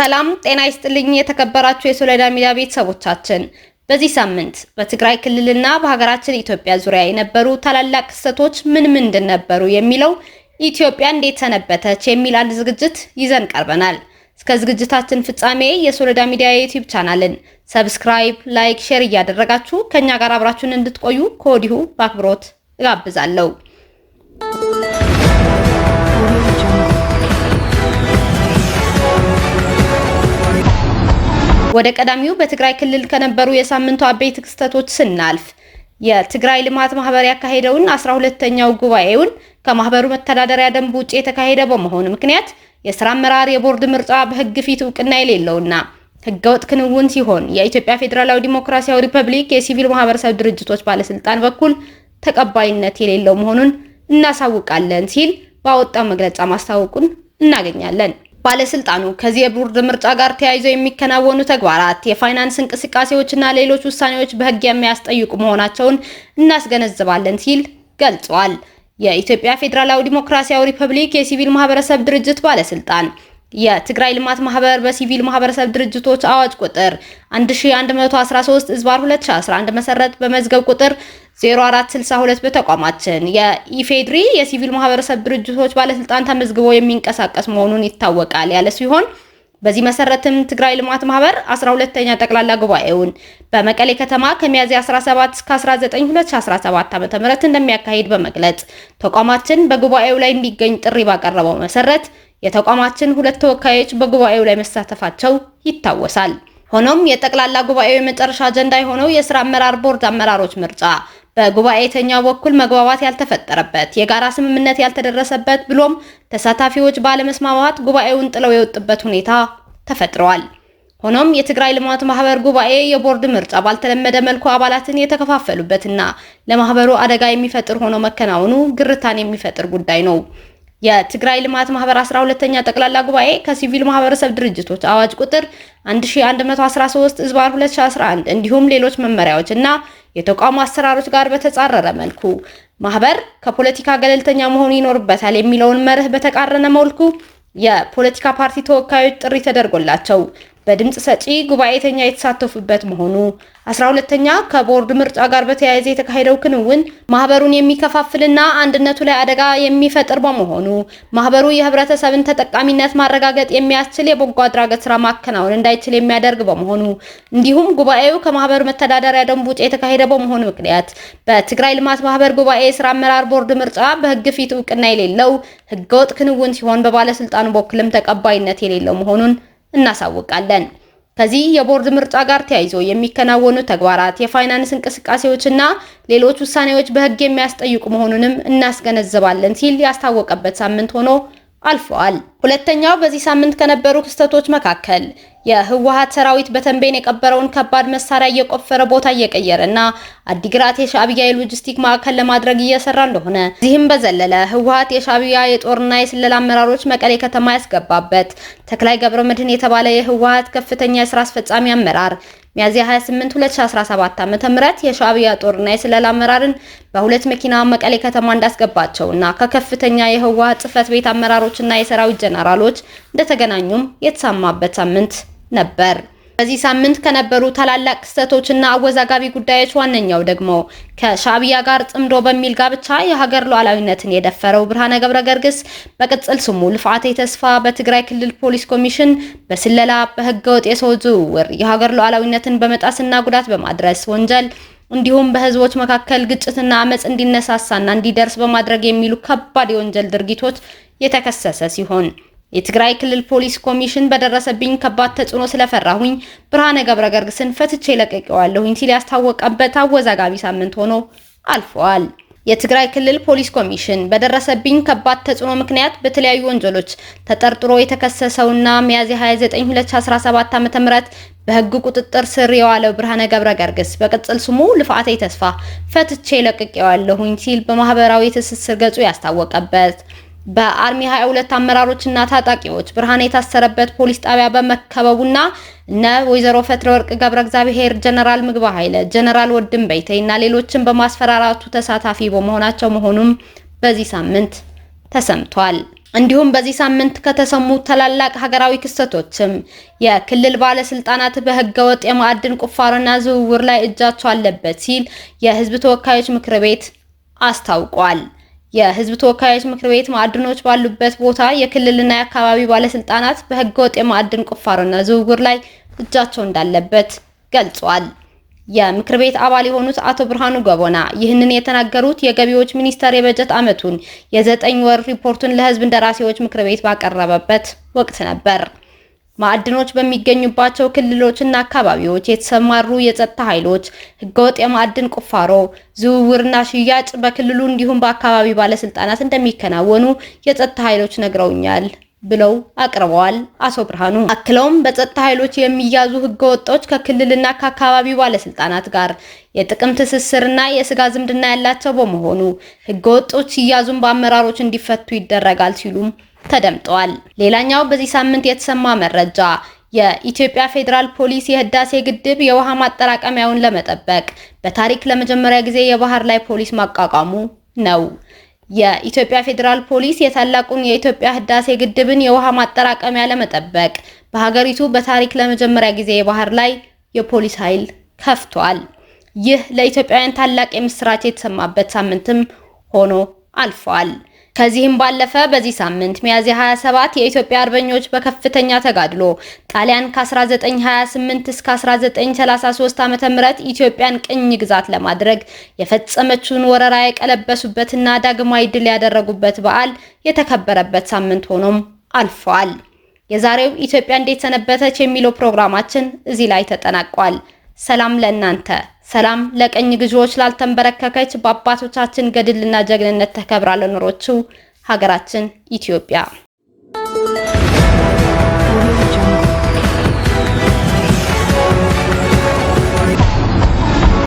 ሰላም ጤና ይስጥልኝ። የተከበራችሁ የሶለዳ ሚዲያ ቤተሰቦቻችን በዚህ ሳምንት በትግራይ ክልልና በሀገራችን ኢትዮጵያ ዙሪያ የነበሩ ታላላቅ ክስተቶች ምን ምንድን ነበሩ የሚለው ኢትዮጵያ እንዴት ሰነበተች የሚል አንድ ዝግጅት ይዘን ቀርበናል። እስከ ዝግጅታችን ፍጻሜ የሶለዳ ሚዲያ የዩቲዩብ ቻናልን ሰብስክራይብ፣ ላይክ፣ ሼር እያደረጋችሁ ከእኛ ጋር አብራችሁን እንድትቆዩ ከወዲሁ በአክብሮት እጋብዛለሁ። ወደ ቀዳሚው በትግራይ ክልል ከነበሩ የሳምንቱ አበይት ክስተቶች ስናልፍ የትግራይ ልማት ማህበር ያካሄደውን አስራ ሁለተኛው ጉባኤውን ከማህበሩ መተዳደሪያ ደንብ ውጭ የተካሄደ በመሆኑ ምክንያት የስራ አመራር የቦርድ ምርጫ በህግ ፊት እውቅና የሌለውና ህገወጥ ክንውን ሲሆን የኢትዮጵያ ፌዴራላዊ ዲሞክራሲያዊ ሪፐብሊክ የሲቪል ማህበረሰብ ድርጅቶች ባለስልጣን በኩል ተቀባይነት የሌለው መሆኑን እናሳውቃለን ሲል ባወጣው መግለጫ ማስታወቁን እናገኛለን። ባለስልጣኑ ከዚህ የቦርድ ምርጫ ጋር ተያይዘው የሚከናወኑ ተግባራት፣ የፋይናንስ እንቅስቃሴዎችና ሌሎች ውሳኔዎች በሕግ የሚያስጠይቁ መሆናቸውን እናስገነዝባለን ሲል ገልጿል። የኢትዮጵያ ፌዴራላዊ ዲሞክራሲያዊ ሪፐብሊክ የሲቪል ማህበረሰብ ድርጅት ባለስልጣን የትግራይ ልማት ማህበር በሲቪል ማህበረሰብ ድርጅቶች አዋጅ ቁጥር 1113 ዝባር 2011 መሰረት በመዝገብ ቁጥር 0462 በተቋማችን የኢፌድሪ የሲቪል ማህበረሰብ ድርጅቶች ባለስልጣን ተመዝግቦ የሚንቀሳቀስ መሆኑን ይታወቃል ያለ ሲሆን በዚህ መሰረትም ትግራይ ልማት ማህበር 12ኛ ጠቅላላ ጉባኤውን በመቀሌ ከተማ ከሚያዝያ 17 እስከ 19 2017 ዓ.ም እንደሚያካሄድ በመግለጽ ተቋማችን በጉባኤው ላይ እንዲገኝ ጥሪ ባቀረበው መሰረት የተቋማችን ሁለት ተወካዮች በጉባኤው ላይ መሳተፋቸው ይታወሳል። ሆኖም የጠቅላላ ጉባኤው የመጨረሻ አጀንዳ የሆነው የስራ አመራር ቦርድ አመራሮች ምርጫ በጉባኤተኛው በኩል መግባባት ያልተፈጠረበት፣ የጋራ ስምምነት ያልተደረሰበት ብሎም ተሳታፊዎች ባለመስማማት ጉባኤውን ጥለው የወጡበት ሁኔታ ተፈጥረዋል። ሆኖም የትግራይ ልማት ማህበር ጉባኤ የቦርድ ምርጫ ባልተለመደ መልኩ አባላትን የተከፋፈሉበትና ለማህበሩ አደጋ የሚፈጥር ሆኖ መከናወኑ ግርታን የሚፈጥር ጉዳይ ነው። የትግራይ ልማት ማህበር 12ኛ ጠቅላላ ጉባኤ ከሲቪል ማህበረሰብ ድርጅቶች አዋጅ ቁጥር 1113 ዝባር 2011 እንዲሁም ሌሎች መመሪያዎች እና የተቋሙ አሰራሮች ጋር በተጻረረ መልኩ ማህበር ከፖለቲካ ገለልተኛ መሆኑ ይኖርበታል የሚለውን መርህ በተቃረነ መልኩ የፖለቲካ ፓርቲ ተወካዮች ጥሪ ተደርጎላቸው በድምፅ ሰጪ ጉባኤተኛ የተሳተፉበት መሆኑ፣ አስራ ሁለተኛ ከቦርድ ምርጫ ጋር በተያያዘ የተካሄደው ክንውን ማህበሩን የሚከፋፍልና አንድነቱ ላይ አደጋ የሚፈጥር በመሆኑ ማህበሩ የህብረተሰብን ተጠቃሚነት ማረጋገጥ የሚያስችል የበጎ አድራገት ስራ ማከናወን እንዳይችል የሚያደርግ በመሆኑ እንዲሁም ጉባኤው ከማህበሩ መተዳደሪያ ደንብ ውጭ የተካሄደ በመሆኑ ምክንያት በትግራይ ልማት ማህበር ጉባኤ ስራ አመራር ቦርድ ምርጫ በህግ ፊት እውቅና የሌለው ህገወጥ ክንውን ሲሆን በባለስልጣኑ በኩልም ተቀባይነት የሌለው መሆኑን እናሳውቃለን። ከዚህ የቦርድ ምርጫ ጋር ተያይዞ የሚከናወኑ ተግባራት፣ የፋይናንስ እንቅስቃሴዎችና ሌሎች ውሳኔዎች በሕግ የሚያስጠይቁ መሆኑንም እናስገነዝባለን ሲል ያስታወቀበት ሳምንት ሆኖ አልፈዋል። ሁለተኛው በዚህ ሳምንት ከነበሩ ክስተቶች መካከል የህወሓት ሰራዊት በተንቤን የቀበረውን ከባድ መሳሪያ እየቆፈረ ቦታ እየቀየረ እየቀየረና አዲግራት የሻዕቢያ የሎጂስቲክ ማዕከል ለማድረግ እየሰራ እንደሆነ፣ እዚህም በዘለለ ህወሀት የሻዕቢያ የጦርና የስለላ አመራሮች መቀሌ ከተማ ያስገባበት ተክላይ ገብረ መድህን የተባለ የህወሀት ከፍተኛ የስራ አስፈጻሚ አመራር ሚያዚያ 28 2017 ዓ ም የሻዕቢያ ጦርና የስለላ አመራርን በሁለት መኪና መቀሌ ከተማ እንዳስገባቸው እንዳስገባቸውና ከከፍተኛ የህወሀት ጽህፈት ቤት አመራሮችና የሰራዊት ጀነራሎች እንደተገናኙም የተሰማበት ሳምንት ነበር። በዚህ ሳምንት ከነበሩ ታላላቅ ክስተቶችና አወዛጋቢ ጉዳዮች ዋነኛው ደግሞ ከሻቢያ ጋር ጥምዶ በሚል ጋብቻ የሀገር ሉዓላዊነትን የደፈረው ብርሃነ ገብረገርግስ በቅጽል ስሙ ልፍዓቴ ተስፋ በትግራይ ክልል ፖሊስ ኮሚሽን በስለላ በህገወጥ የሰው ዝውውር የሀገር ሉዓላዊነትን በመጣስና ጉዳት በማድረስ ወንጀል እንዲሁም በህዝቦች መካከል ግጭትና አመፅ እንዲነሳሳና እንዲደርስ በማድረግ የሚሉ ከባድ የወንጀል ድርጊቶች የተከሰሰ ሲሆን የትግራይ ክልል ፖሊስ ኮሚሽን በደረሰብኝ ከባድ ተጽዕኖ ስለፈራሁኝ ብርሃነ ገብረገርግስን ፈትቼ ለቀቀዋለሁኝ ሲል ያስታወቀበት አወዛጋቢ ሳምንት ሆኖ አልፈዋል። የትግራይ ክልል ፖሊስ ኮሚሽን በደረሰብኝ ከባድ ተጽዕኖ ምክንያት በተለያዩ ወንጀሎች ተጠርጥሮ የተከሰሰውና ሚያዝያ 29 2017 ዓ.ም በሕግ ቁጥጥር ስር የዋለው ብርሃነ ገብረገርግስ በቅጽል ስሙ ልፍዓተ ተስፋ ፈትቼ ለቅቄዋለሁኝ ሲል በማህበራዊ ትስስር ገጹ ያስታወቀበት በአርሚ 22 አመራሮችና ታጣቂዎች ብርሃን የታሰረበት ፖሊስ ጣቢያ በመከበቡና እነ ወይዘሮ ፈትለ ወርቅ ገብረ እግዚአብሔር፣ ጀነራል ምግበ ኃይለ፣ ጀነራል ወድም በይተይና ሌሎችን በማስፈራራቱ ተሳታፊ በመሆናቸው መሆኑም በዚህ ሳምንት ተሰምቷል። እንዲሁም በዚህ ሳምንት ከተሰሙ ታላላቅ ሀገራዊ ክስተቶችም የክልል ባለስልጣናት በህገወጥ የማዕድን ቁፋሮና ዝውውር ላይ እጃቸው አለበት ሲል የህዝብ ተወካዮች ምክር ቤት አስታውቋል። የህዝብ ተወካዮች ምክር ቤት ማዕድኖች ባሉበት ቦታ የክልልና የአካባቢ ባለስልጣናት በህገወጥ የማዕድን ቁፋሮና ዝውውር ላይ እጃቸው እንዳለበት ገልጿል። የምክር ቤት አባል የሆኑት አቶ ብርሃኑ ገቦና ይህንን የተናገሩት የገቢዎች ሚኒስቴር የበጀት ዓመቱን የዘጠኝ ወር ሪፖርቱን ለህዝብ እንደራሴዎች ምክር ቤት ባቀረበበት ወቅት ነበር። ማዕድኖች በሚገኙባቸው ክልሎችና አካባቢዎች የተሰማሩ የጸጥታ ኃይሎች ህገወጥ የማዕድን ቁፋሮ፣ ዝውውርና ሽያጭ በክልሉ እንዲሁም በአካባቢ ባለስልጣናት እንደሚከናወኑ የጸጥታ ኃይሎች ነግረውኛል ብለው አቅርበዋል አቶ ብርሃኑ። አክለውም በጸጥታ ኃይሎች የሚያዙ ህገወጦች ከክልልና ከአካባቢው ባለስልጣናት ጋር የጥቅም ትስስርና የስጋ ዝምድና ያላቸው በመሆኑ ህገወጦች ሲያዙም በአመራሮች እንዲፈቱ ይደረጋል ሲሉም ተደምጧል። ሌላኛው በዚህ ሳምንት የተሰማ መረጃ የኢትዮጵያ ፌዴራል ፖሊስ የህዳሴ ግድብ የውሃ ማጠራቀሚያውን ለመጠበቅ በታሪክ ለመጀመሪያ ጊዜ የባህር ላይ ፖሊስ ማቋቋሙ ነው። የኢትዮጵያ ፌዴራል ፖሊስ የታላቁን የኢትዮጵያ ህዳሴ ግድብን የውሃ ማጠራቀሚያ ለመጠበቅ በሀገሪቱ በታሪክ ለመጀመሪያ ጊዜ የባህር ላይ የፖሊስ ኃይል ከፍቷል። ይህ ለኢትዮጵያውያን ታላቅ የምስራች የተሰማበት ሳምንትም ሆኖ አልፏል። ከዚህም ባለፈ በዚህ ሳምንት ሚያዝያ 27 የኢትዮጵያ አርበኞች በከፍተኛ ተጋድሎ ጣሊያን ከ1928 እስከ 1933 ዓ.ም ኢትዮጵያን ቅኝ ግዛት ለማድረግ የፈጸመችውን ወረራ የቀለበሱበትና ዳግማዊ ድል ያደረጉበት በዓል የተከበረበት ሳምንት ሆኖም አልፏል። የዛሬው ኢትዮጵያ እንዴት ሰነበተች የሚለው ፕሮግራማችን እዚህ ላይ ተጠናቋል። ሰላም ለእናንተ ሰላም ለቀኝ ግዢዎች ላልተንበረከከች በአባቶቻችን ገድልና ጀግንነት ተከብራ ለኖረችው ሀገራችን ኢትዮጵያ